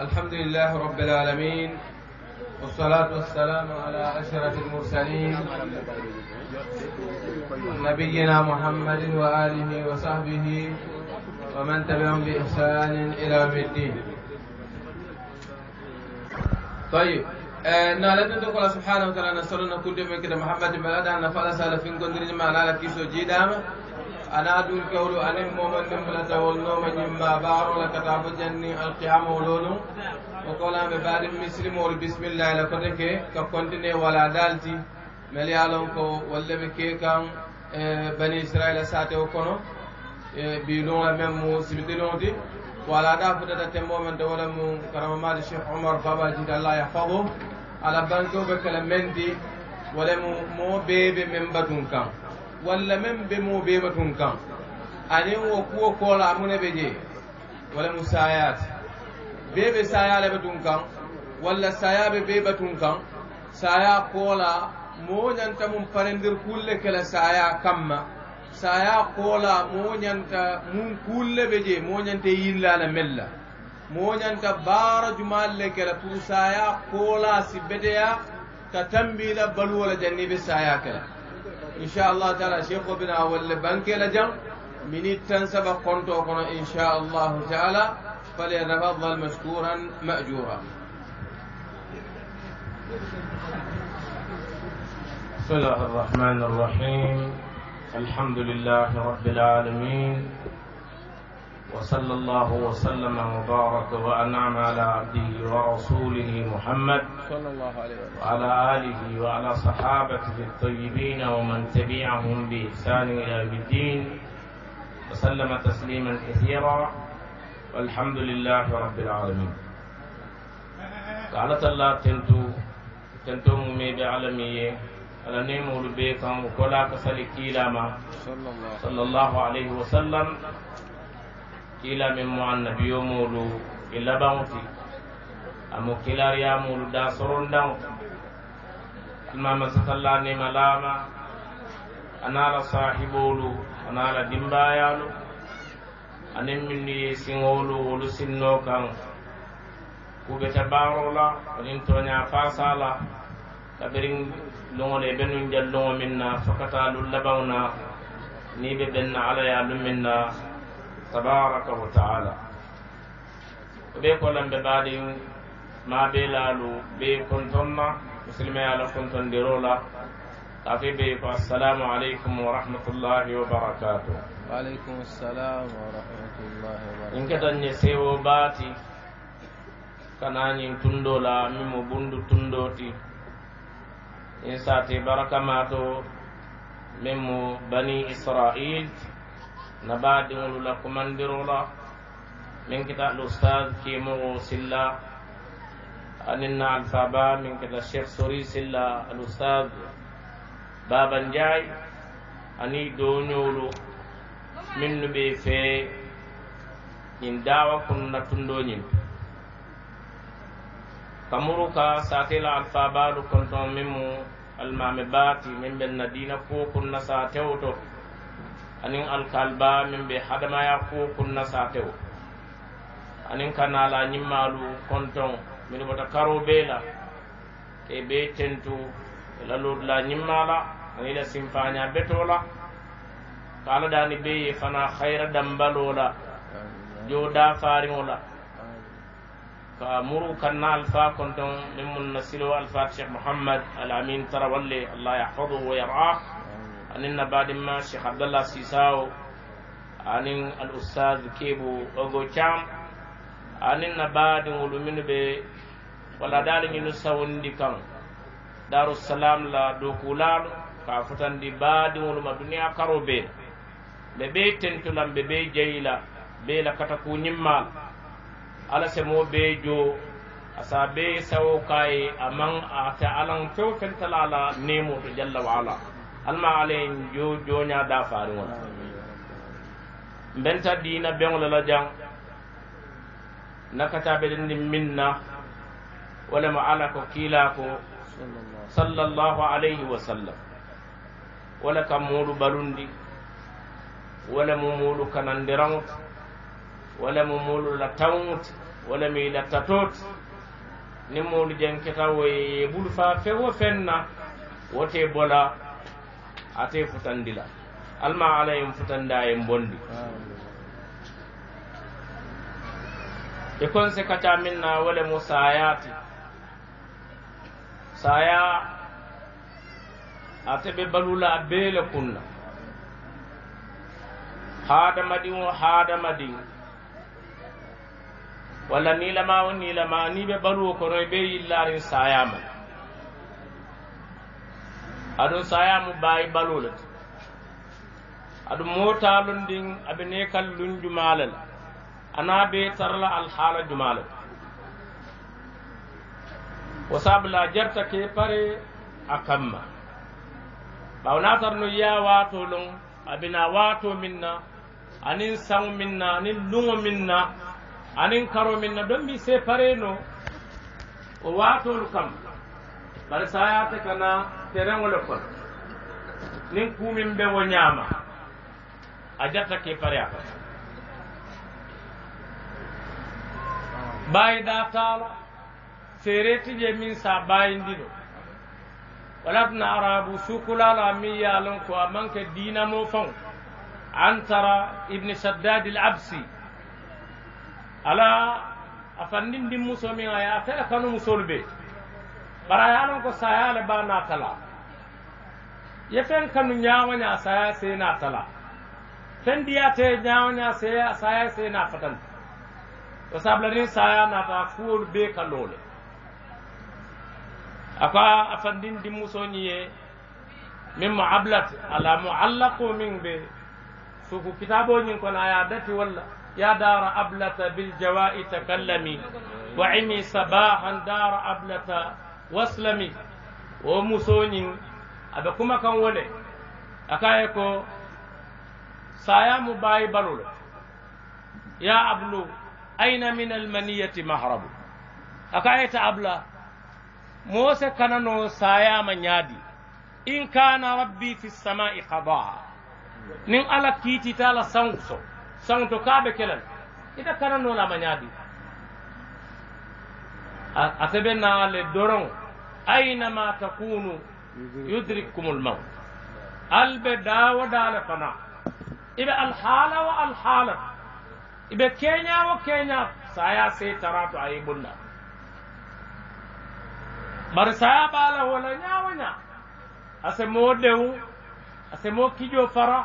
الحمد لله رب العالمين والصلاة والسلام على أشرف المرسلين نبينا محمد وآله وصحبه ومن تبعهم بإحسان إلى الدين طيب آه، نالتنا تقول سبحانه وتعالى نصرنا كل يوم كده محمد أن نفعل سالفين كندرين ما لكي سجيدا أنا دون كولو أنا مومن نملة والنوم جنبا بارو لكتاب جني القيام ولونو وقولا ببار مول بسم الله لكتك كفكنتني ولا دالتي مليالون كو ولا كان آه، بني إسرائيل ساتي وكونو آه، بيلون لمن سبتلون دي ولا دا فتاة تمومن دولا من كرمامات الشيخ عمر بابا جد الله يحفظه على بانكو بكلمين دي ولا مو بيبي من بدون كان walla meŋ be moo beeba tuŋ kaŋ aniŋ wo kuwo koola amu ne be jee walla mu saayaa ti bee be saayaa le be tuŋ kaŋ walla saayaa be beeba tuŋ kaŋ saayaa koola moo ñanta mun parendir kulle ke la saayaa kamma saayaa koola moo ñanta mun kulle be jee moo ñanta yillaa la mel la moo ñanta baara jumaal le ke la pour saayaa koola si beteyaa ka tambii la baluwo la janniibe saayaa ke la ان شاء الله تعالى شيخ بن بنا والبنك لجر من التنسب تنسب قنطوكنا ان شاء الله تعالى فليتفضل مشكورا ماجورا بسم الله الرحمن الرحيم الحمد لله رب العالمين وصلى الله وسلم وبارك وانعم على عبده ورسوله محمد صلى الله عليه وسلم وعلى اله وعلى صحابته الطيبين ومن تبعهم باحسان الى يوم الدين وسلم تسليما كثيرا والحمد لله رب العالمين قالت الله تنتو تنتو مي بعلمي على nemolu البيت وكلاك سالكي لما صلى الله عليه وسلم kila min muannabiyomoolu i labaŋo ti amu kilariyamoolu daa sorondaŋo ti almama satalla nima laama anaa la saahiboolu anaa la dimbaayaalu aniŋ minnu ye siŋoolu wolu sinnoo kaŋ ku bete baaroo la aniŋ tooñaa faasaa la kabiriŋ luŋo le be nuŋ jal luŋo miŋ na fo ka labaŋo na niŋ be benna ala ye a miŋ na tabaraka wa taala ɓe kolonɓe mbaɗin ma ɓe laalu ɓe kontonna musilmeya la kontondirola afe ɓe ko assalamu aleykum wa rahmatullahi wa barakatuh waaleykum salam wa rahmatullahi sewo baati kanañin tundola min mo bundu tundoti in sati barakamato min mo bani israil na baadiŋolu la kumandiro la min kita alustad kimoxo silla anin na alfaba min kita chekh sori silla alustad babandiay ani doñolu minnu ɓe fe ñin dawa kunu na tundoñin kamuru ka satela alfabalu konton min mu almami baati min ɓen na dina fo kun na satewo to aniŋ alkalba min be hadamaya kuo kunna saatewo aniŋ ka naa la ñimmaalu kontoŋ minnu bota karoo bee la ke bee tentu ila loodu la ñimmaa la ani ila sinfaaña betoo la ka ala daani bee ye fana hayra dambalola jo da daafaariŋo la ka muru kanna alfa konton min mun na siloo alfaat muhammad mouhammad alamin tarawalle allah yahfaduhu wa yarah anin na badin ma sheikh abdallah sisawo anin al ustad kebu ogo cam anin na badin wolumin ɓe wala daliñinu sawondi kan darussalam la dokulaɗo ka futandi badin woluma duniya karo ɓeen ɓe ɓe tentulan ɓe ɓe jeyila ɓe la kata kuñimmal ala semo ɓe jo asa ɓe sawo kaye aman ata alan fewfentalala nemoto jalla wa ala alma alayin jo joña da fari won mbenta dina beŋole la jaŋ nakata bedendi min na walema ala ko kiila ko sallallahu alayhi wa sallam wala ka muulu balundi walemu muulu kanandiraŋote walemu muulu lataŋote walemu i latatoote ni muulu jeŋketa wo yebulu fa fewo feŋ na wote bola ate futandi la alma alayen futandi ayen bondi e consequence amin na wole mo sayati saya ateɓe balula beele kunna haadamaɗin o haadamaɗin walla nilama o nilama ni ɓe baluwo kono e ɓe yillarin sayamani aɗum sayamu mbawi ɓalolata aɗum motalol ndin aɓe nekal lunju malal ana be tarla alhaala jumalal wo sabula jarta ke pare a kamma ɓawna tarno yiya wato lon aɓena wato minna anin sango minna anin lungo minna anin karo minna ɗon mbi se pareno o watolu kam ɓar sayate kana tereŋo le kono niŋ kuumiŋ be ñaama a jarta ke pare a kata baayi taala seereti je min saa baayindi do wala arabu sukula la miŋ ye a ko a manke ke diinamo faŋo antara ibni shaddadi l absi ala a fandindi muso min a ye a kanu musolu bee bara ko saya le ba na tala ye fen kanu ñaawo ñaa saya na tala fen dia te ñaawo nya se saya see na fatan o sabla niŋ saya naata fuwolu be ka loo aka afandin ko muso fandin dimmusoo ye min mo ablat ala mu'allaqu min be suku ku ñiŋ kono a ye dati walla ya dara ablata jawai takallami wa ini sabahan dara ablata waslami wo muso ñiŋ kuma kan wo aka yako ko saya mu baayi ya ablu aina min almaniyati mahrabu a ta abla mose kanano sayama ñaadi in kana rabbi fi samai qadaa nin ala kiitita la saŋ so saŋ ita kanano la ñaadi a sebe naale doroŋ aynama takunu yudrikkum lmaut al be daawo daale fana ibe alhaala wo alhaala ibe kenya wo keña saya sey tarato aye bonna bari saya baala wola ñawo ña ase mo dew ase mo kijo fara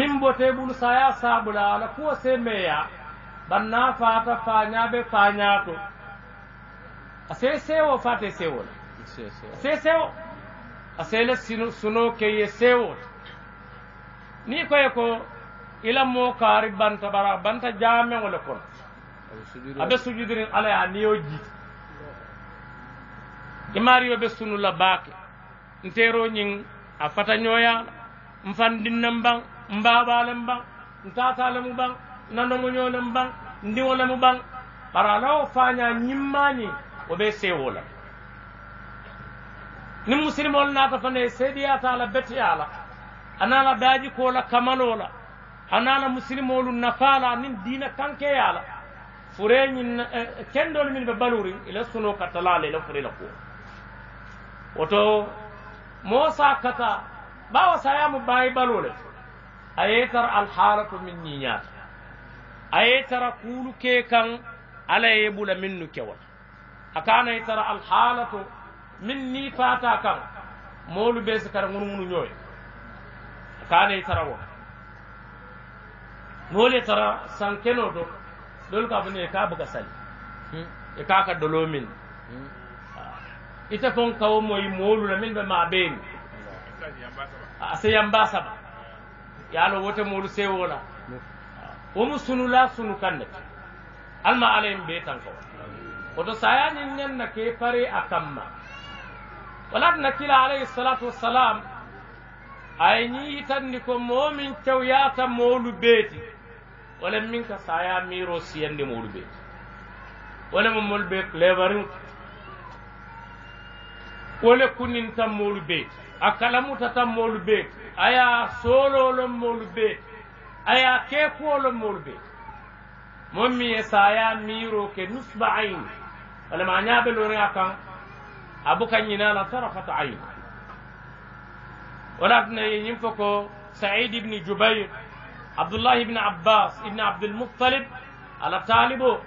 min bote bulu saya sabula ala kuwo se meya banna faata fañaɓe fañato ase sewo fate sewol ase sewo asele suno keye sewol ni koye ko ilamo kaari banta bara banta jamengole kono aɓe sujudirin ala ya niyo jiit imariyo ɓe sunula baake ntero ñin a fata ñoyala n fandinnen ban n mbabalen ban n tatalemu ban nandogoñolen baŋ ndiwo lemu baŋ bara ala wo faña ñimmañi wo ɓe sewo la ni musilimol naata fana e seediyata la beteya la ana la daaji ko la kamalo la ana la musilimolu nafa la nin diina kankeya la fureñin eh, kendol min ɓe baluri ila suno kattalala ila fure la kuwo woto moo sa kata ɓawa sayamu bayi balole a yetar alhalatu min ñiñata Aye tara kuulu ke kan ala ye bula minnu kewal a kana ye tara alhalato min ni fata kan moolu be si kara ŋunuŋunu ñoye a kana ye tara wo moolu ye tara sankeno do dolu ka fune ye ka buka sali hmm? ye ka ka dolo min hmm? ite fon kawo moyi moolu la min be ma beeni a se yamba saba ba yalo wote moolu sewo la womu sunula sunu kande alma ala en ɓe tan ko saya sayañin nen na ke pare a kamma na kila alayhi salatu wassalam ay ñi yitandi ko momin ta molu beeti wolen min ka saya miro siyandi molu beeti wole mo mol be lebarin wole kunin tan molu beeti a kalamuta tan molu beeti aya sololon molu beeti aya ke kuwolo moolu be moŋ miŋ ye saaya ke nusba ayin walama a ñaa be a buka ñina la sarafata ayin wo laatina ye ñiŋ fo ko said ibni jubayr abdullah ibni abbas ibn abdulmutalib ala taalibo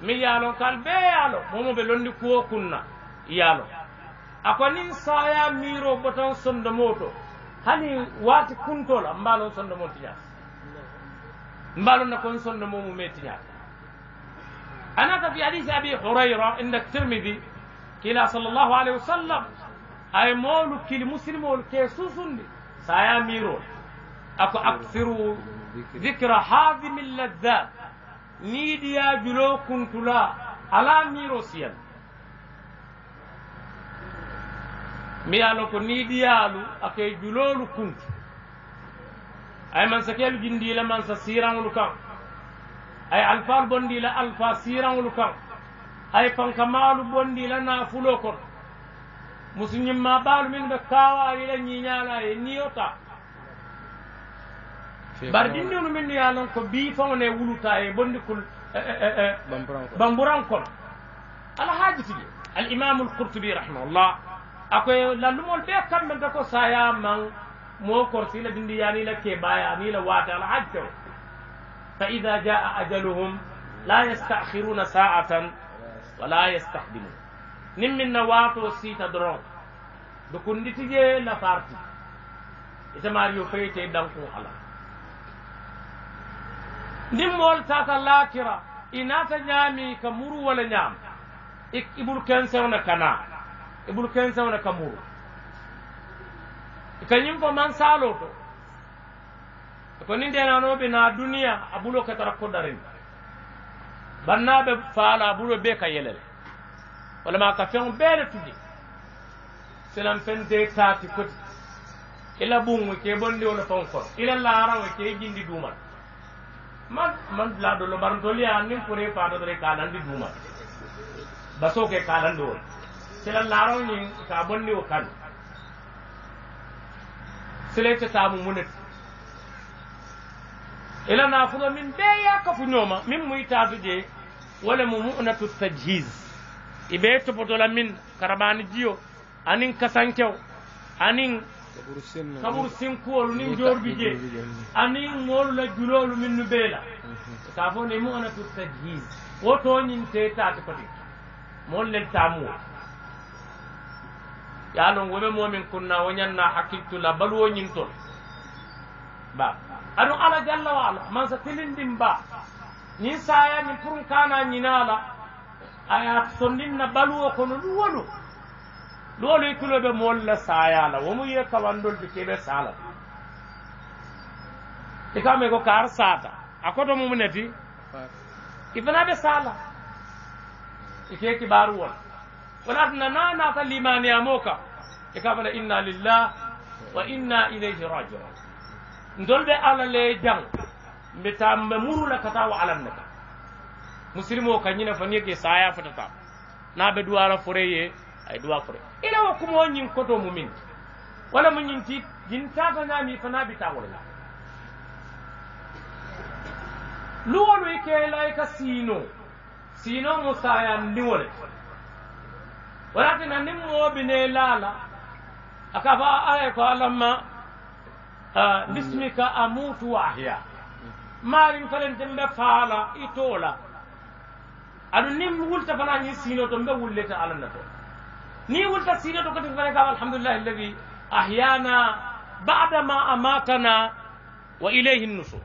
miŋ ye a loŋ kaali bee momo be londi kuwo kunna ye a lo a ko niŋ saaya miiro hani waati kuntoo la mbe a loŋ مبالون نكون سن مومو ميتيا أنا في حديث أبي هريرة إن الترمذي كلا صلى الله عليه وسلم أي مولو كل مسلم والكيسوسن سايا ميرو أكو أكثر ذكر حازم اللذات نيديا جلو كنتلا على ميرو سيان ميالو كنيديا نيديالو أكي جلولو كنتو ay man sa keɓe jindila man sa siraŋolu kaŋ ay alfal bondila alfa siraŋolu kaŋ ay fanka fankamaalu bondila nafulo kono musuñimma ɓaalu min ɓe kawaali la ñiñaala ye niyota bari ɗinniwnu min ya lon ko bii ne wuluta e bondi kol eh, eh, eh, bamburan kono ala haajitigi alimamu alqurtubi rahimahullah akoye lallumol ɓe kamɓe ta ko saya man mo korsi la dindi yani la ke baya ni la wata la hajjo fa idha jaa ajaluhum la yastakhiruna sa'atan wa la yastaqdimun nim min na wato sita dron du kunditi je la parti ita mariyo fayte danku ala nim mol lakira ina ta nyami ka muru wala nyam ibul kensewna kana ibul kensewna ka muru kañum fo man saalo to ko ni bi na duniya a ɓulo ketara koddarin bannaɓe faala a ɓulo be ka yelele walama ka feŋo beele tuji silan fen de taati koti ila ɓuŋo ke bondi wono fon kono ila laaraŋo ke jindi duma man man laadolo barantoliya nin pore faatotore ka landi duumal baso ke ka landi won sila laaraŋo ñiŋ ka bondi wo kanu silete saamu munet ila nafulo min ɓe yakkafu ñooma min muytaatu je wala mo munatu tajhis iɓe topotola min karabani jiyo anin kasankew anin kaburu sinkuwolu nin jorbi je anin ŋolu la julolu min nu ɓee la fo ne munatu tajhis wo toñinte taati koti moolu lel taamuwo ya lon wome momin kunna wo ñanna hakkiltula baluwo ñin ton ba aɗu ala jalla wa ala mansa tilindin ba saya sayani purun kana ñinala aya na sondinna baluwo kono ɗum wolu ɗole kuloɓe molla la womu ye kawandolde kebe sala i me ko kar sata a koto mum neti i fana sala i ke kibaru wona wala tuna na na ta limani amoka e ka bala inna lillah wa inna ilayhi raji'un ndol be ala le jang mbe ta mbe muru la kata wa alam naka muslimo ka nyina fa nyeke saya fatata na be duwara foreye ay duwa fore ila wa kuma nyin koto mumin wala mun nyin ti jin ta na nyami fa na ta wala luwolu ike la ka sino sino musaya ni wala walakin ni moo bi ne laala aka fa aye ko alamma bismika amutu wa ahya maarin falenten be faala i toola aɗum ni wulta fana ñi siino to mbe wullete alanna to ni wulta siino to kati fane kam alhamdulillahi alladi ahyana bada ma amatana wa ilayhi nusur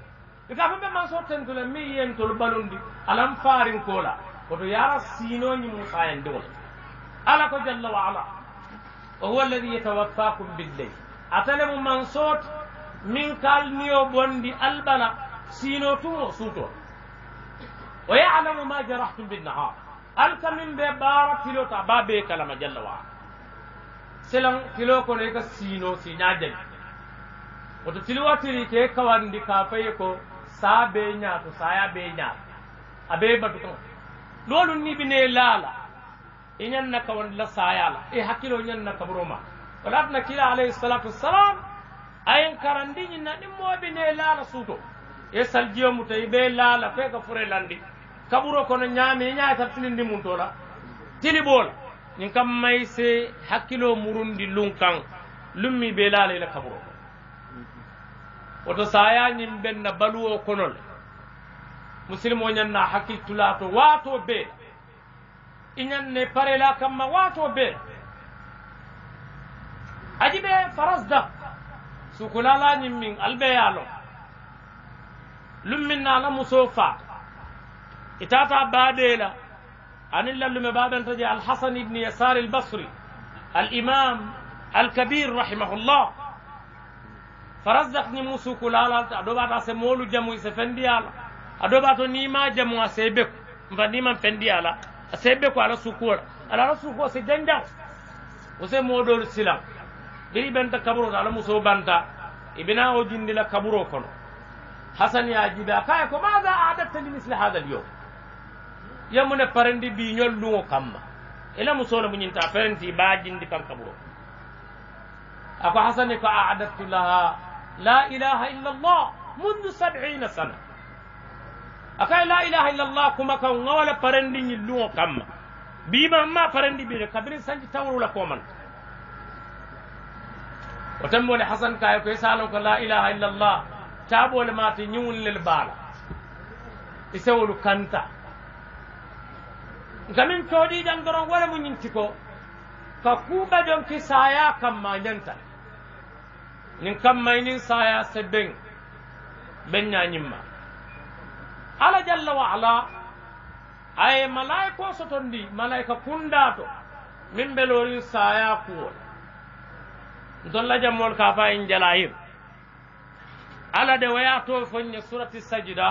ika fo ɓe man sottentole mi yentol ɓalundi alan farin kola koto yara siinoñi musayandiwol ala ko jalla wa ala wa huwa alladhi yatawaffakum billayl atale mu man sot min kalniyo bondi albala sino tumo suto wa ya'lamu ma jarahtum bin nahar alka min be bara tilo ta babe kalama jalla wa Ala. selan tilo ko ne ka sino sinya jabi wato tilo watiri ke kawandi kafaye ko sabe nya to saya be nya abe batukan lolun ni bine lala i ñanna kawandila sayala eh, i kaburo ma kaburoma na kila alayhi salatu wassalam ayen karandi na ɗin moɓi ne laala suuto e eh, saljiyo muta i ɓe laala fe ka fure landi kaburo kono ñaami i ñaata tilindi mum tola tili ɓoola ñin kam may se hakkilo murundi lun kan lummi ɓe laala ila kaburo ko woto sayañin ɓenna baluwo konol musilme o ñanna hakkil tulato waato beela inanne parela kamma wato be aji farasda sukulala min albeyalo lummin nala muso fa itata baɗela anin lallume baɓelta je alhasan ibni yasar albasri alimam alkabir rahimahullah farasdak ni mu sukulalalta aɗo ɓata se molu jamu se fendiyala aɗo ɓa to nima jamu a sebe kwa rasukuwa ala rasukuwa se denja wuse modori sila giri benta kaburo ala muso banta ibina ujindi la kaburo kono حسن يا جبه كاي كما ذا عادت مثل هذا اليوم يمنا فرندي بي نيول لو كام الا مسول مو نتا فرندي با جند كان كبرو اكو حسن كو عادت لها لا اله الا الله منذ سبعين سنه akai la ilaha illallah kuma kan ngawala parandi nyilluo kama bima ma parandi bire kabiri sanji tawrula koman o tambole hasan kayo koye salon ko la ilaha illallah taɓole mate ñiwunlel baala e sewolu kanta ngamin dan doron wala mu ñinti ko ka kuuɓa don ki saya kamma ñanta nin kammaynin saya se ɓen ɓen ñañimma ala jalla wa ala aye malaiko sotondi malaika kundato min be lorin saya kuwol dolla jammol ka fa en jalayir ala de to fonñe surati sajida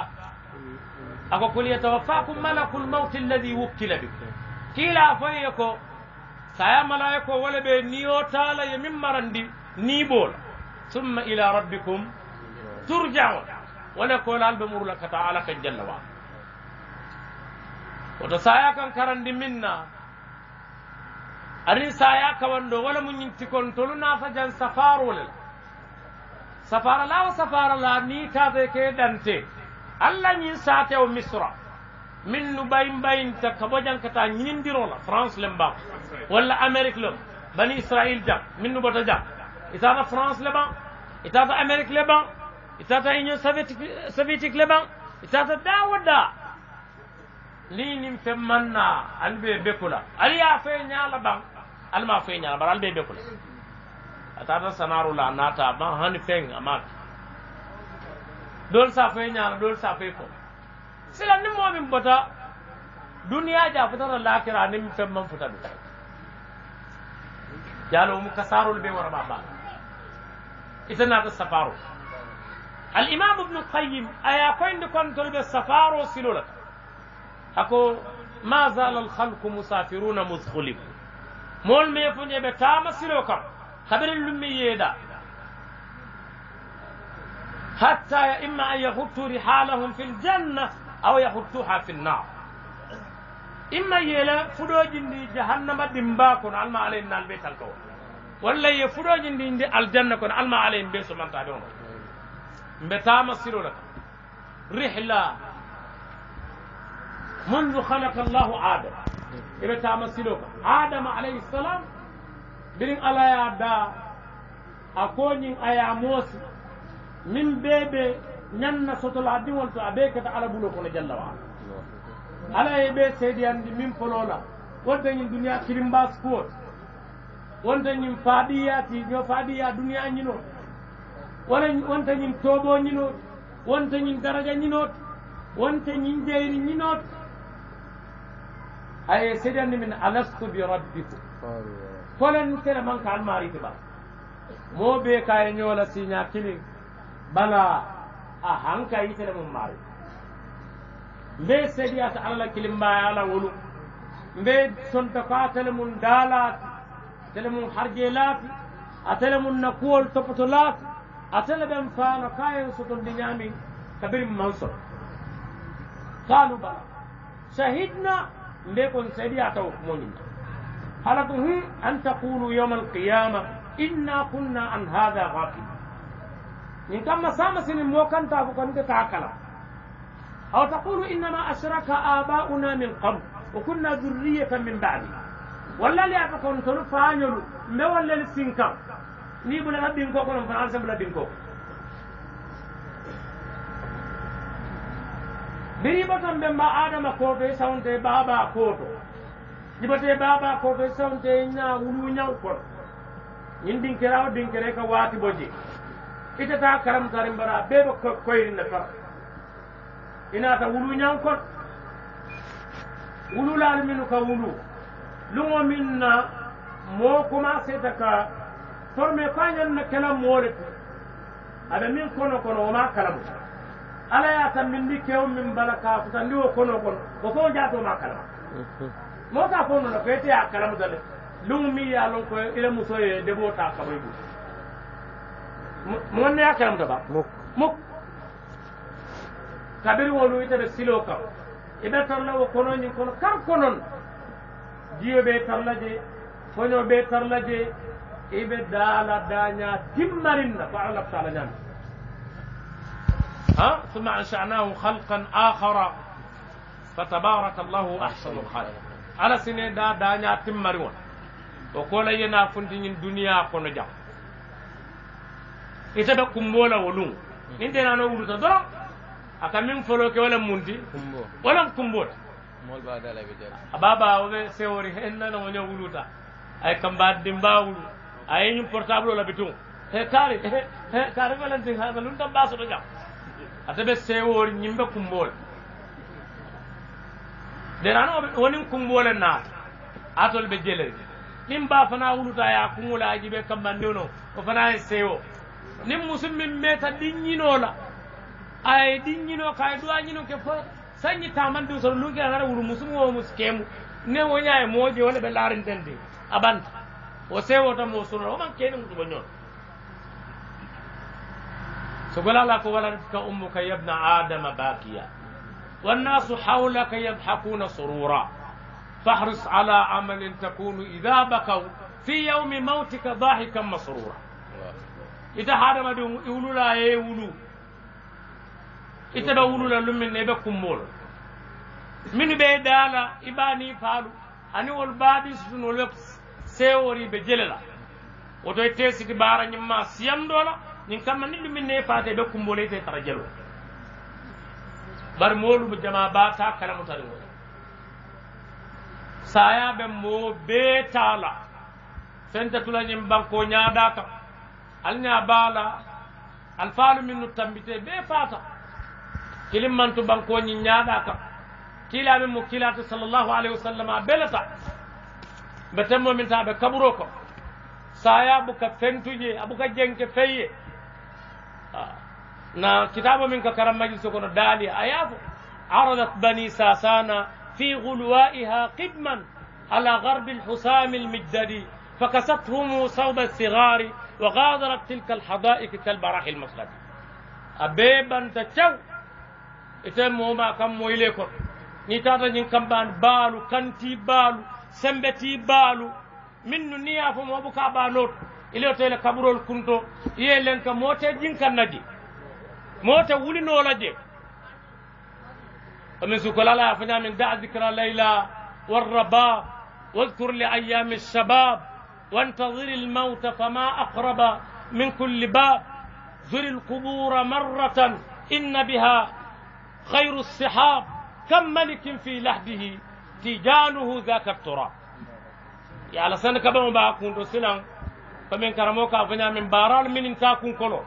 ako kul yatawaffakum malakul mawti alladi wukkila bikum Kila foye ko saya malaiko wala ɓe niyotala ye min marandi niɓola summa ila rabbikum turjaon wala koyla al ɓe murla kata ala kan jalla wa woto saya kan karandi min na arin saya kawanɗo wala mu ñinti kon tolu nafa jan safarole la safara la wa safara la ni tate ke dante allah ñin sate o misra min nu ɓayin ɓayinta ka bo jan kata ñinindirola france le mbam walla amérique le bani israil jam min nu bota jam itata france le ban itata amérique le ban itata union soviétique leban itata dawoda linim fe manna albe bekula ali ya fe nyala ban alma fe nyala ban albe bekula atata sanaru la nata ba han feng amak dol sa fe nyala dol sa fe ko sila ni mo min bota duniya ja futara kira ni fe man futadu jalo mu kasarul be warba ba ita na ta safaru الإمام ابن القيم أيا كوين كون تلب السفار وسلولة أكو ما زال الخلق مسافرون مذ مول مي فني بتام سلوكا خبر اللمي يدا حتى إما أن يغطوا رحالهم في الجنة أو يغطوها في النار إما يلا فدو جندي جهنم دمباكون علما علينا البيت الكون ولا يفدو جندي الجنة كون علما علينا بيسو من تابعون متى سيرو لك رحلة منذ خلق الله آدم إبتا مسيلوك آدم عليه السلام برين على يا دا أكونين أيا موسى من بيبي نن سطل عدي وانتو أبيكة على بلوكونا جل وعلا على يبي سيدي عندي من فلولا wanda yin duniya kirin ba sport wanda yin fadiya ti yo fadiya duniya yin no wona wonta ñin tooɓo ñinoot wonta ñin daraja ñinoot wonta ñin deyri ñinoot aye seɗanni min alastu bi rabbikum kolen tele man ka almariti ba mo ɓe kaye ñoola siña kilin bala a hanka yitele mum maari mbe seɗiyata allah kilin mbaya ala wolu mbe sonta ka tele mum daalaati tele mum harje laati a tele mum nakuwol topoto laati أتلا بهم فانو كاي سطن دنيامي كبير منصر قالوا بلا شهدنا لكن سيدي أتو مونينا هل تهم أن تقولوا يوم القيامة إنا كنا عن هذا غافل إن كما سامس الموكن تابو كنت تاكلا أو تقول إنما أشرك آباؤنا من قبل وكنا ذرية من بعد ولا لي أتكون تنفعني ما ولا للسنكام ni bulaga binko kono fana alsa bula binko biribaton ɓe mba adama koto e sawnte baaba koto jibate baaba koto e sawnte ña wulu ñaw kono ñin dinkerawo dinkere ka waati boje itata karamtare mbara ɓeɓe koyrinna far ta wulu ñaw kono wululaali minu ka wulu lugo min na kuma se ta ka formé koañanna kela moole to aɓe min kono kono woma kalamu ala ya tan min ndi kew min bala ka futa ndi wo kono kono mhm. ko fo jatoma kalama mota fonona ko yeteya kalamu dane lumu mi ya lon koye ila musoye deboota kaboy ɓu mo wonneya kalamu taba mok kabiri wolu itaɓe silo kam eɓe talla wo konoñin kono kar konon jiyo ɓe tarla je koño ɓe tarla je ibe dala daña timmarinna ko allah taala ñami ha summa anshanahu halqan ahara fa tabaraka llahu ahsanu lhalik ala sine da daña timmari won o yana yena funtiñin duniya kono jam itaɓe kumbola wo lungu n'o tenano wuruta doron aka min folo foloke wala munti walan kumbota ababa oɓe sewori hen nanawo ño wuluta ay kamba dimba wulu ayñum portable ola bitum he kaari kaari felantin haka lum tan ɓasoto jam ata ɓe sewori ñimɓe kumboole denano wonin kumboole naata atol ɓe jelere ɗin ba fana wuluta ya kuŋolaji ɓe kammandewno o fana ye sewo nin musum min meta ɗinñinola aye ɗinñino kaye duwañino ke fo sañi tamandiw soto lunke anara wuru musum wo mus kemu ne woña e mooje wala ɓe larinten de abanta o sewota mo sunana oman keni mutuɓo ñoon سبحان الله ولدتك أمك يا ابن آدم باكيا والناس حولك يضحكون سرورا فاحرص على عمل تكون إذا بكوا في يوم موتك ضاحكا مسرورا إذا هذا ما يقولوا لا يقولوا إذا بقولوا لا لمن يبكم مول من بيدالا إباني فالو أني والبادي سنولبس sewori ɓe jele la woto e tesidi ɓara ñimma siyanndola min kamma ni ɗumin ne e fate ɓe kumboleyte tara jelo bar moolum jama bata kalamo tari wo sayaɓe mo betala sentatulañim banko ñaada kam alña bala alfalu min nu tambite ɓe fata kilimmantu bankoñi ñaada kam kiilamin mo kiilata sallllahu alayhi wa sallam a belata ɓe temmo min taa ɓe ko saya buka fentuje abuka jenke feye na kitabu min ka karam majlis kono daali a yaafo aradat bani sasana fi gulwa'iha qidman على غرب الحسام المجدري فكستهم صوب الصغار وغادرت تلك الحدائق كالبراح المسلك أبيبا تشو إتمو ما كم ويليكم نيتاتا نين كم بان بالو كنتي بالو sembeti baalu min nu niya fo mo buka baanot ile to ile kaburol kunto ye len ka mota jinkan naji mota wuli no laje min sukola la fanya min da zikra layla والرباب واذكر لأيام الشباب وانتظر الموت فما أقرب من كل باب زر القبور مرة إن بها خير السحاب كم ملك في لحده tijanuhu zaka turab ya ala sanda ka bama ba kundo silan famin karamo ka fanya min baral min ta kun kolo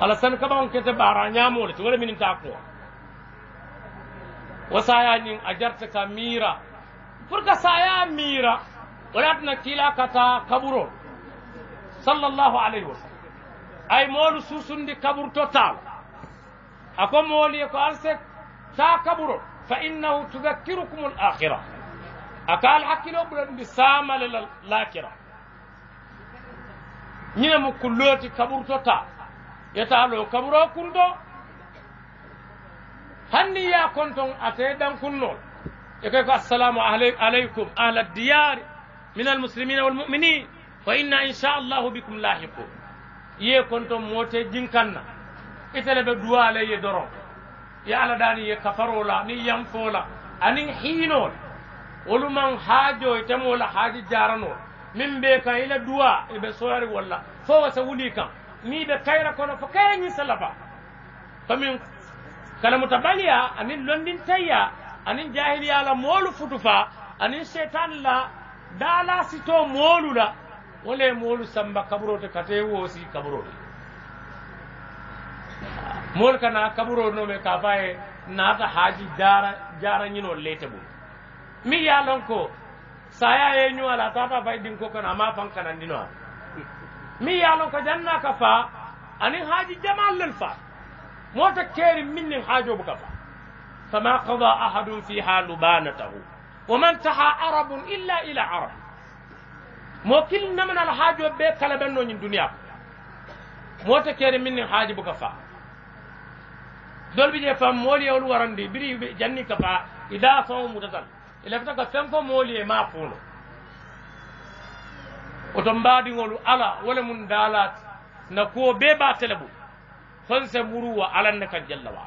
ala ka bama kete bara nyamo le wala min ta ko wasaya ajarta ka mira furka saya mira wala tana kila kata kaburo sallallahu alaihi wasallam ay molu susundi kabur total ako moli ko alse ta kaburo فإنه تذكركم الآخرة أكال حكي لو بلن بسامة للآخرة نينا مكلوتي كبرتو تا يتعلو كبرو كندو هني يا كنتم أتيدن كنول يقول السلام عليكم أهل الديار من المسلمين والمؤمنين وإنا إن شاء الله بكم لاحقون يا كنتم موتي جنكنا إتلب دوا علي دروب ye ala dani ye kafaro la aniŋ yanfo la ani hiinoo olu man hajo haajo itemo la haaji jaranoo min be kaŋ ila duwa ibe be soyari walla fo wasa wuli kan ni be kayira kono fo kayira ñiŋ se laba komin kalamuta londintayya ani jahiliya la moolu futufa ani setan la daalasito moolu la wale le samba kaburo te kate woosi kaburo mol na kaburo no me ka baye nata haji dara jara nyino lete bu mi ya lon ko saya ye nyu ala tata bay din ko kana ma fan kana ndino mi ya lon janna ka fa ani haji jamal fa mota keri minni hajo bu ka fa فما قضى أحد فيها لبانته ومن تحى عرب إلا إلى عرب hajo نمن الحاج وبيك كلبنو من دنيا موتا كيري مني حاج بكفا dolbi je fam moolu yewlu warandi biri yuɓe janni e ka fa ida fawo muta tan elefta ka fen fo moolu ye ma funo oto mbadiŋolu ala wole mun dalat na kuwo be ba telebu fonse muru wa alanne kan jalla wa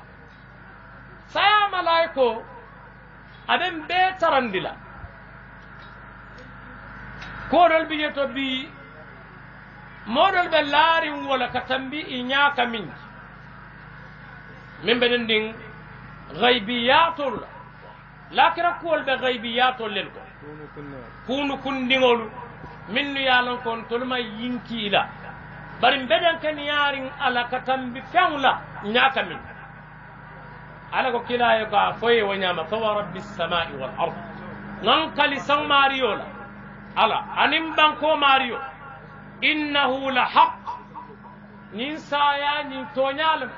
saya malayiko aɓen be tarandi la ko dolbi je to bi modol ɓe laarin wola ka tambi i ñaka minji من بين الدين غيبيات لكن أقول بغيبيات للكو كونوا كن دينولو من يالون كون تلما ينكي إلا بارم بدن كن يارين على كتم بفعلا نعك من على كلا يقع فوي ونعم فور رب السماء والأرض ننقل سن ماريو لا على أنيم ماريو إنه لحق ننسى يعني تونيالم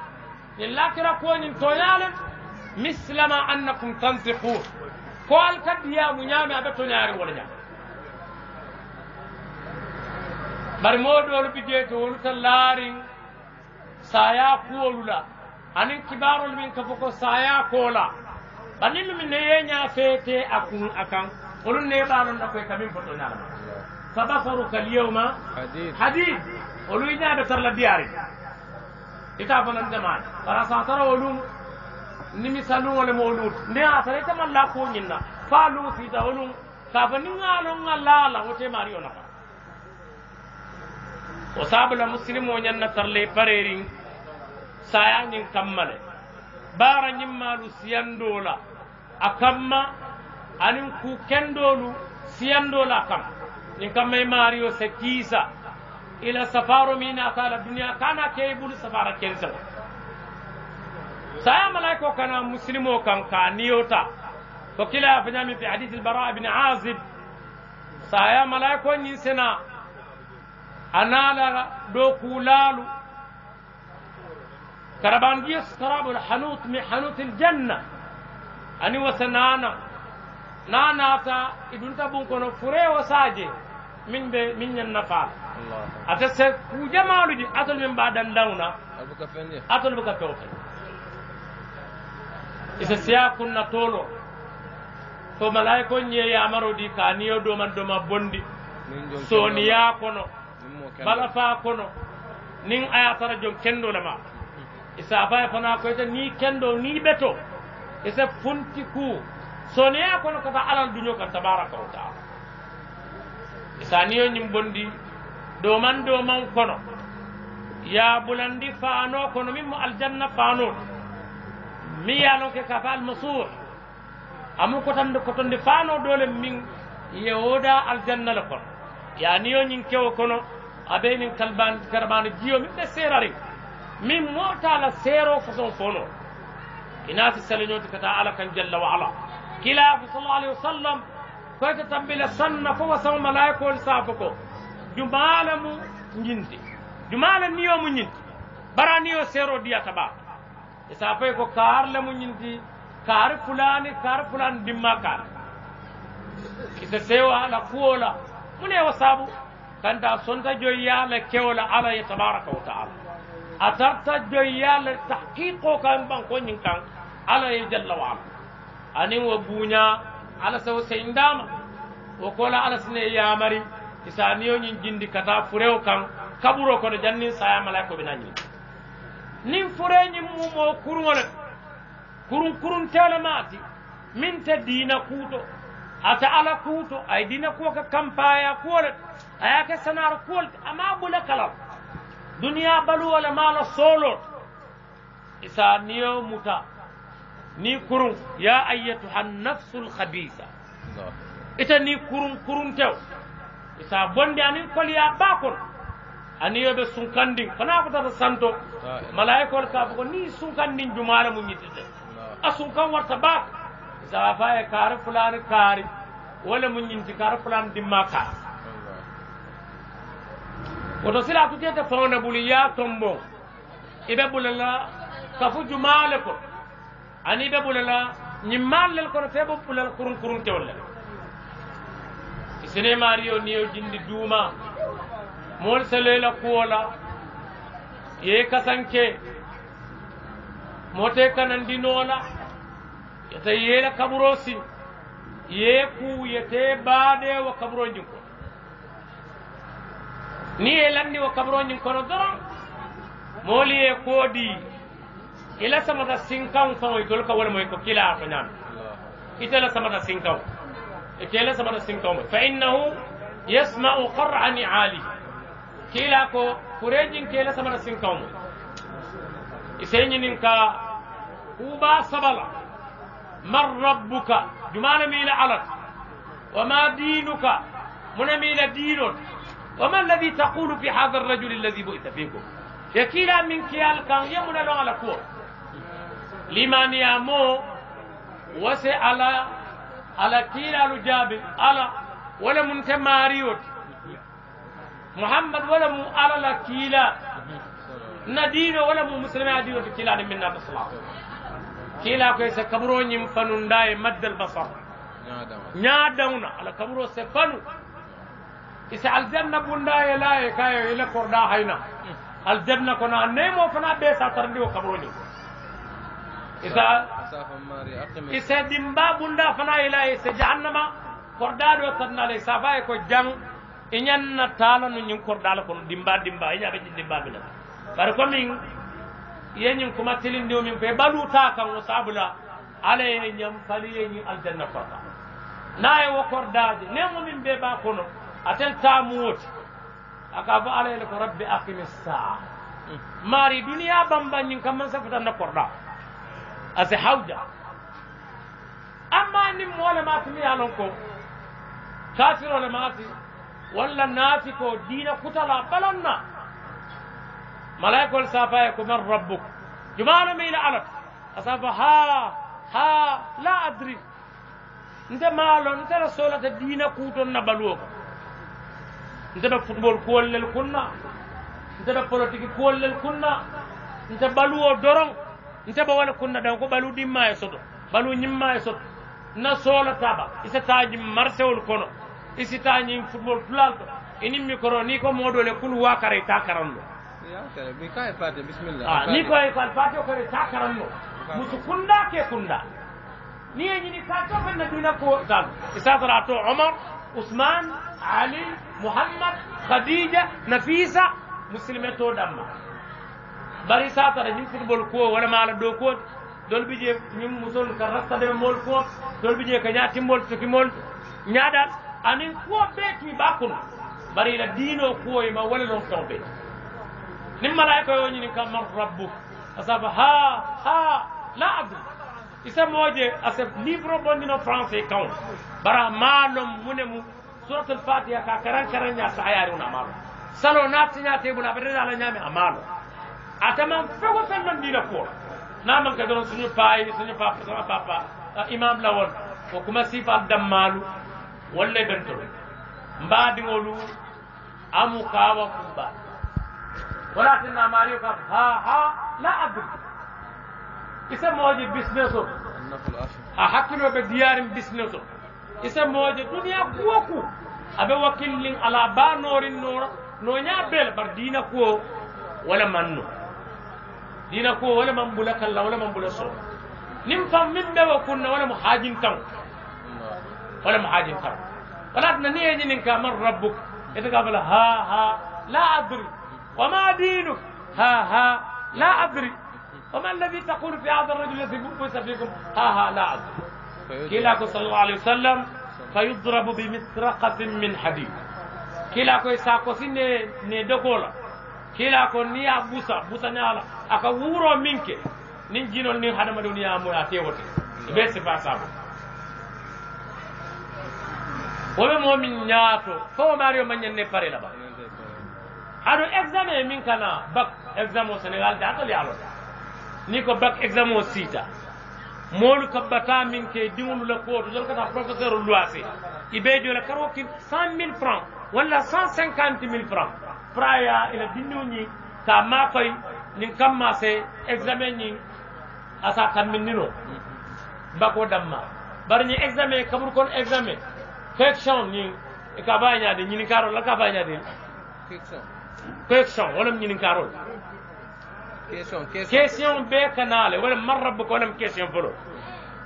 illa kira konin toñalen mislama annakum tantiqun ko al kaddiya mu ñaami aɓe toñaari wala ñaam bari mo ɗolu bideete wolu ta laarin saya kuwolula anin kibarol min ka fo ko saya koola ɓanin mi neyeña feete a kun a kan olum neɓalon ɗa koye kamin fo toñalama fa basaruka lyawma hadid olu yiñaɓe tarla diyari ita fanan jama'a ara satara wolum nimi salun wala mawlud ne a tare ta malla ko nyinna falu si da wolum ka fanin ngalon Allah la wote mariyo na o sabla muslimo nyanna tarle pareri saya nyin kammale bara nyin malu siyandola akamma anin ku kendolu kam nyin mariyo se kisa إلى سفارة من أثار الدنيا كان كيبول سفارة كنسل سيا ملايكو كان مسلمو كان نيوتا فكلا فنامي في حديث البراء بن عازب سيا ملايكو ننسنا أنا دوكو لالو كربان جيس كراب الحنوت من حنوت الجنة أني وسنانا نانا سا ابن تبون كنو فري وساجي من بي من النفال ata se kujamaalu ji atol min mbaɗan dawna atol boka pewte ise siya kunna toolo to malayiko ñeyamaro ɗi ka niyo doman doma bondi soniya kono bala fa kono nin ayatara jom kendole ma isa baye fana koyte ni kendo ni ɓeto ise funti ku soniya kono kata alal duño kan tabaraka wa taala isa niyo ñim bondi doman doman kono ya bulandi faano kono min mo aljanna faanol mi yalon ke kafa almasuh amu kotande kotonde faano dole min yewoda aljanna le kono yani yo ñin kewo kono abe nin kalban karbano jiyo min ɓe seerari min motala seero façon fono inati saleñoti kata ala kan jalla wa ala kilafu sallallahu alayhi wa sallam koyta tambila sanna fo wasamo malayikol saafo ko jumala mu ñinti jumala niyo mu ñinti bara niyo sero diya taba e sa fay ko kaar la mu ñinti kaar fulani kaar fulani dimma kaar ita sewo ala kuwo la mu ne wa sabu kanta sonta joyya la kewola ala ya tabaraka wa taala a tarta joyya la tahqiqo kan banko ko kan ala ye jalla wa ala anin wo buña ala sawo seyndama wo kola ala sine mari. niyoo ñin jindi kata furew kan kaburo kono jannin saya malaiko ɓe nañini nin fureñin mumo kuruŋole kurun kuruntele maati min te diina kuuto ate ala kuuto ay diina kuwo ka kampaya kuwole a ye ke sanara kuwole ama bula kalal duniya baluwole maala soolot isa niyo muta ni kurun ya ayyatuha nafsu lhabisa ita ni kurun kuruntew isa bondi anin koliya bakon ani yobe sunkandin fana ko ta santo malaikol ka ko ni sunkandin jumaara mu ñittite a sunkan warta ba isa faaye e fulan fulani kaari wala mu ñinti kaari fulani dimma kaari woto sila tutete fawna buli ya tombo bulala ka fu jumale ko ani ibe bulala ɓulela ñimmallel ko febo bulal kurun kurun tewla sene mario niyo jindi duuma mol selela kuola ye kasanke mote kanandi la yata yela kaburosi ye ku yete bade wa kaburo ñin kono ni ye wa wo kaburo ñin kono doron moolu ye kuwo di ila samata sinkaŋ faŋo itol ka wala moy ko kilaa ko ñaami ite la samata كي لازم انا فانه يسمع قرع نعالي كي لاكو فريجين كي لازم انا سيمتوم يسينينكا وبا سبلا من ربك جمال ميل علت وما دينك من ميل دين وما الذي تقول في هذا الرجل الذي بئت فيكم يكيلا من كيال كان يمنا لون على كور لما نيامو وسي على ala kiilalu jaabi ala wala mun te maariyoti muhammad wala mu ala la kiila na diino wala mu musilime a diino to kiilaade min naata salam kiila koye so kamuroñim fanunda e maddel basar ñaadawna ala kamuro se fanu isa aljanna bunda e laaye kayo ila korɗa hayna aljanna kono a nemo fana ɓe sa tarandi o kamuroñim isa dimba bunda fana ila isa jahannama kordaɗo tannala e safa e ko jan iñanna e taala no ñin kordala kono dimba dimba e iñaɓeji dimbaɓina bare ko min yeñin kuma tilindiw min koye ɓaluta kan o sabula ala e ñam fali yeñi aljanna korda na e wo kordaje nemo min be ba kono aten tamuwoti aka bo ala ele ko rabbi aqimi saa maari hmm. duniya bambañin kamman sefatanna korda asi hauja amma nin moole maati mi ye lon ko kafirole maati walla naati ko dina kutala balanna malaikol safaye ko man rabbuk mi miila alat asafa ha ha la adri nte maalo ntela solata dina kuton na baluwo ko da football kuwollel kunna da politique kuwollel kunna nte baluwo dorong nteba wala kunna dan ko balu dimma e soto balu nyimma e soto na sola taba isataji marsewol kono isitañi football pulal to enin micro ni ko moɗole kulu wakare ta karanɗo ni koye ko alfate kore ta karanɗo musu kunda ke kunda ni e ñini ka tofanna duna ko tan isatara to omar ousmane ali mouhammad khadija nafisa musilme to damma bari satara ñiŋ football kuwo wala mala do ko dol bi je ñiŋ musol ka rattademe mol ko dol bi je ka ñaa timmol sukimol ñaadal aniŋ kuwo bee tii baa kuno bari la diinoo kuwo ma wala loŋ feŋo ni niŋ malayika yo ni ka mar rabbu asaba ha ha la ad isa moo je ase livre bondino français kaŋo bara maa loŋ mu suratul fatiha ka karan karan ñaa sa ayaariŋo na maa loŋ saloo naa siñaa teebula ñaami a a ta ataman fego fen man dina ko na man ka don suñu pay suñu papa sama papa ah, imam la won ko kuma sifa dammalu wolle bento mbadi ngolu amu kawa kumba walakin na mari ka ha ha la adri isa moje business o a hakkilo be diyarim business o isa moje duniya kuwaku abe wakillin ala ba norin nora no nya bel bar dina ko wala manno dina ko wala man bula kalla wala man bula so nim fam min be wa kunna wala muhajin kan wala muhajin kan wala na ne yin nin kamar rabbuk ita ka bala ha ha la adri wa ma dinuk ha ha la adri وما الذي تقول في هذا الرجل الذي بؤس فيكم ها ها لا ادري كلاكو صلى الله عليه وسلم فيضرب بمطرقه من حديد كلاكو يساكو سن ندغولا kila ko ni ya busa busa nyala aka wuro minke nin jinol nin hadama do ni ya mo ya tewote be sabo o be mo min nyaato fo mario manyen ne pare la ba hado examen min kana bac examen o sénégal da to yalo ni ko bac examen o sita moolu kabata min ke diŋolu la kooto jol kata professeur luwase i be jola karo ki francs walla 150 000 francs praya ila dindiŋo ñiŋ ka ma koy nin kam ma se examen ñiŋ a sa kamminnino bako damma bari ni examen kaburu kono examen question ñiŋ ka nya baa ñaade ñininkaarol la ka baa ñaade question question wala wolem ñininkaarol question question question bee kanaale wolem man rabbuka wolem question folo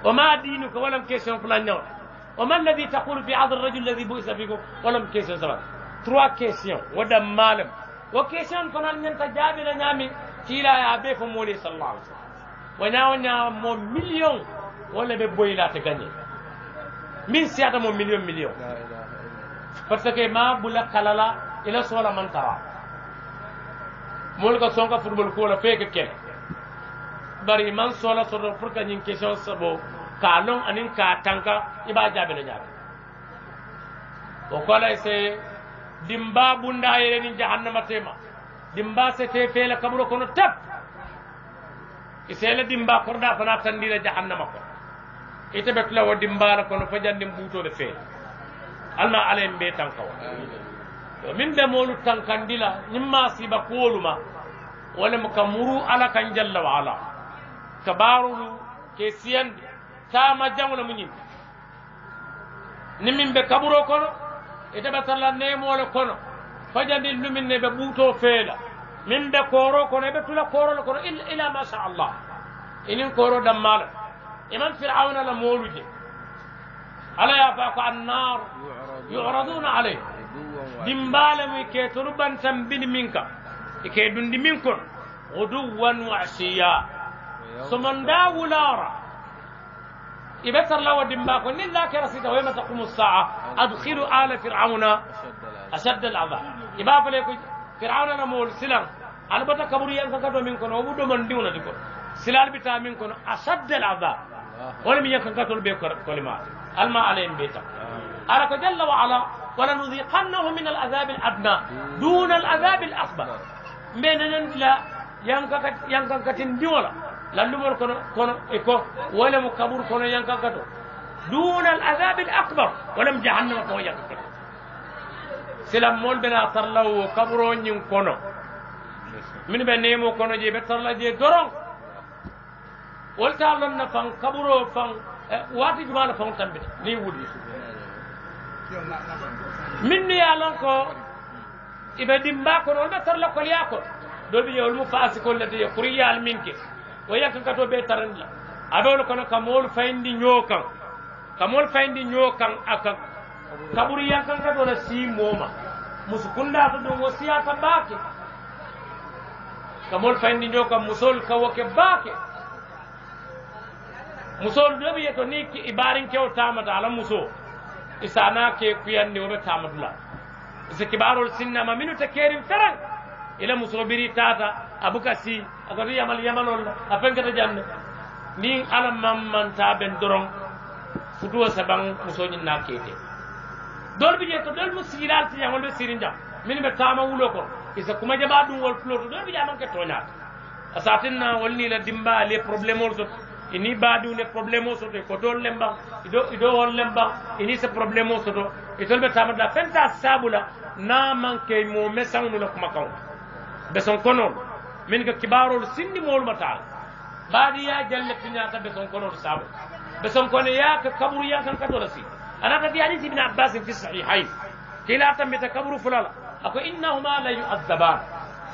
o maa diinuka wolem question fulanñawla وما الذي تقول في هذا الرجل الذي بؤس بكم ولم كيسون سبا تروا كيسون ودم مالم وكيسون كنا ننتا لنا من كلا يا بيكم مولي صلى الله عليه وسلم وناو نامو مليون ولا ببوي لا تغني من سيادة مو مليون مليون parce ما ma كلالا إلا سوالا من ترى مولك سونك ka sonka football ko la feke ken bari man sola sodo pour ka long anin ka tanka iba jabe la jabe o kola se dimba bunda yere ni jahannama tema dimba se fe fe la kamro kono tap isela dimba korda fana tandira jahannama ko ite betla wo dimba la kono fajan dim buto le fe alma ale mbe tanka wa to min be molu tankandila nimma siba koluma wala mukamuru ala kanjalla wa ala kabaru ke siyandi kama jaŋo le mu ñiŋ niŋ be kaburoo kono ite be tara la kono fajandin lumin ne be buto fela la min be kooro kono ɓe tula koro kono ila masha allah inin koro dammaa la iman firawna la moluje ala ya fa ko annar yuraduna alay dimbaale mu ke turban bantan bini min ka dundi min kono guduwan wa asiya somanda wulaara يبقى لا الله ودماغ وإن الله كرسيد وين تقوم الساعة أدخل آل فرعون أشد العذاب يبقى فليكو فرعون أنا مول سلام أنا بتا كبر ينكا أو وبدو من دون لكم سلال بتا منكم أشد العذاب ولا ولم ينكا كتل بكلمات الما عليهم بيتا أراك جل وعلا ولنذيقنه من العذاب الأدنى دون العذاب الأكبر من لا ينكا ينكا تندولا لندمر كونو كونو إكو ولم كبر كونو ينكا كتو دون العذاب الأكبر ولم جهنم كونو ينكا سلام مول بنا ترلو كبرو نين كونو من بنيمو كونو جي بترلا جي درون ولتا لن فان كبرو فان أه، واتي جمال فان تنبت لي ودي من يالون كو ibe dimba kono wonɓe torla kolya ko doɓi yewol mum faasi kollete yo pour yaal min ke wo yakkankato ɓe tarandi aɓewol kono ka moolu fayindi ñoo ka moolu fayindi ñoo kan a kan kaburi yankankato la siimooma musu kundaata ɗum wo siyata baake ka moolu fayindi ñoo kan musol ka woke baake musol do biye to ni ibarin kew tamata ala muso isana ke kuyanni woɓe tamatula so kibarol sinnama ma ta kerin feran ila musobiri tata abuka si akata yamal yamalol la a fenkata jamne nin ala mammanta ɓen doron futuwo saban musoñin na kete dol bi je to dol mu siilal ti yamol ɓe sirin jam min ɓe tama wulo ko isa kuma jaɓa ɗum wol fuloto dol bi jamanke tonya a na satinna ni la dimba les probleme ol soto ini ne probleme o soto ko dool lemba ido ido hol lemban ini so probléme o soto e toon ɓe tamatla fenta sabula na manque mo mesanula kuma kan ɓe son konol min ko kibarol sindi molma taal baadi ya jalle piñata beson konoto sabo beson kono ya ka kaburu yan kan katola si anata di hadis ibn abbas fi sahihain kila tambita kaburu fulala ako innahuma la yuazzaban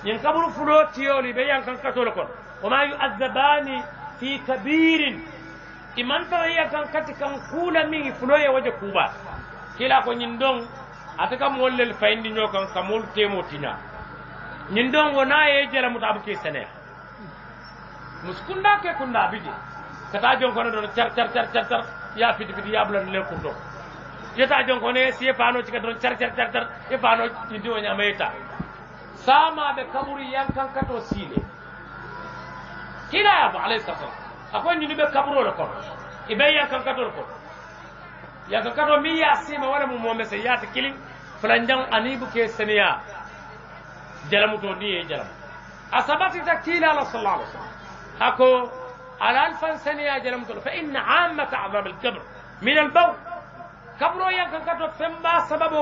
ñin kaburu fulo tiyoli be yan kan katola kono woma yuazzabani fi kabirin iman to ya kan kati kan kula min fulo ye waje kuba kila ko nyindong ataka mollel fayndi wollel fayindi ño kamol temo tiña ñin don wo na ye jela muta bu ke sene muskunda ke kunda bije kata jon kono don char char char char char ya fit fit ya blan le kundo yeta jon kono ye sie pano chika don char char char char ye pano indi wonya meta sama be kaburi kan kato sile kila ya ba alayhi salatu akon ni be kaburo le kono ibe kan kato le kono kan kato mi ya sima wala mu mo se ya ta kilin flanjang anibu ke senia jalamuto ni ye jalamu a sabatita kiilala sallallahu alaihi وسلم hako على ألف سنة يا جلم فإن عامة عذاب القبر من البول قبره يكن كتو فمبا سبب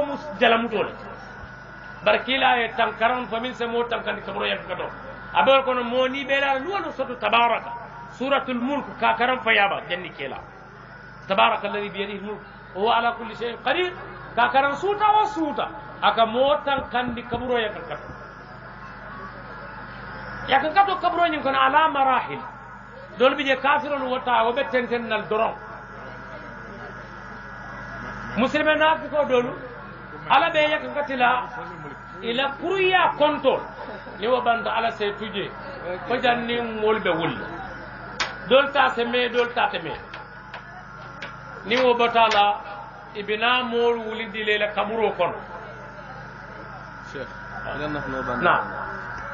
جلم تول بركيلا يتنكرون فمن سمو تنكر قبره يكن كتو أبور كون موني بلا نوال سوتو تبارك سورة الملك كاكرم فيابا جنة كيلا تبارك الذي بيده الملك هو على كل شيء قدير كاكرم سوتا وسوتا أكا موتا كان كبرو يكن كتو لكن كتو كبروا يمكن على مراحل دول بيجي كافر الوطا وبتن سن الدرون مسلم نافق دولو على بيجي كتلا إلى كوريا كنتر نيو باند على سيفوجي فجان ني مول بول دول تا سمي دول تا تمي نيو بتالا ابنا مول ولدي ليلة كبرو كون شيخ نعم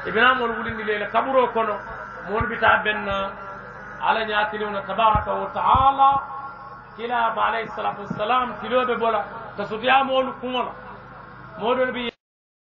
ibina mol wulindi le kaburo kono mol bita benna ala nyaatiliuna tabaraka wa taala kila ba alayhi salatu wassalam tilo be bola tasutiya mol kumala modol bi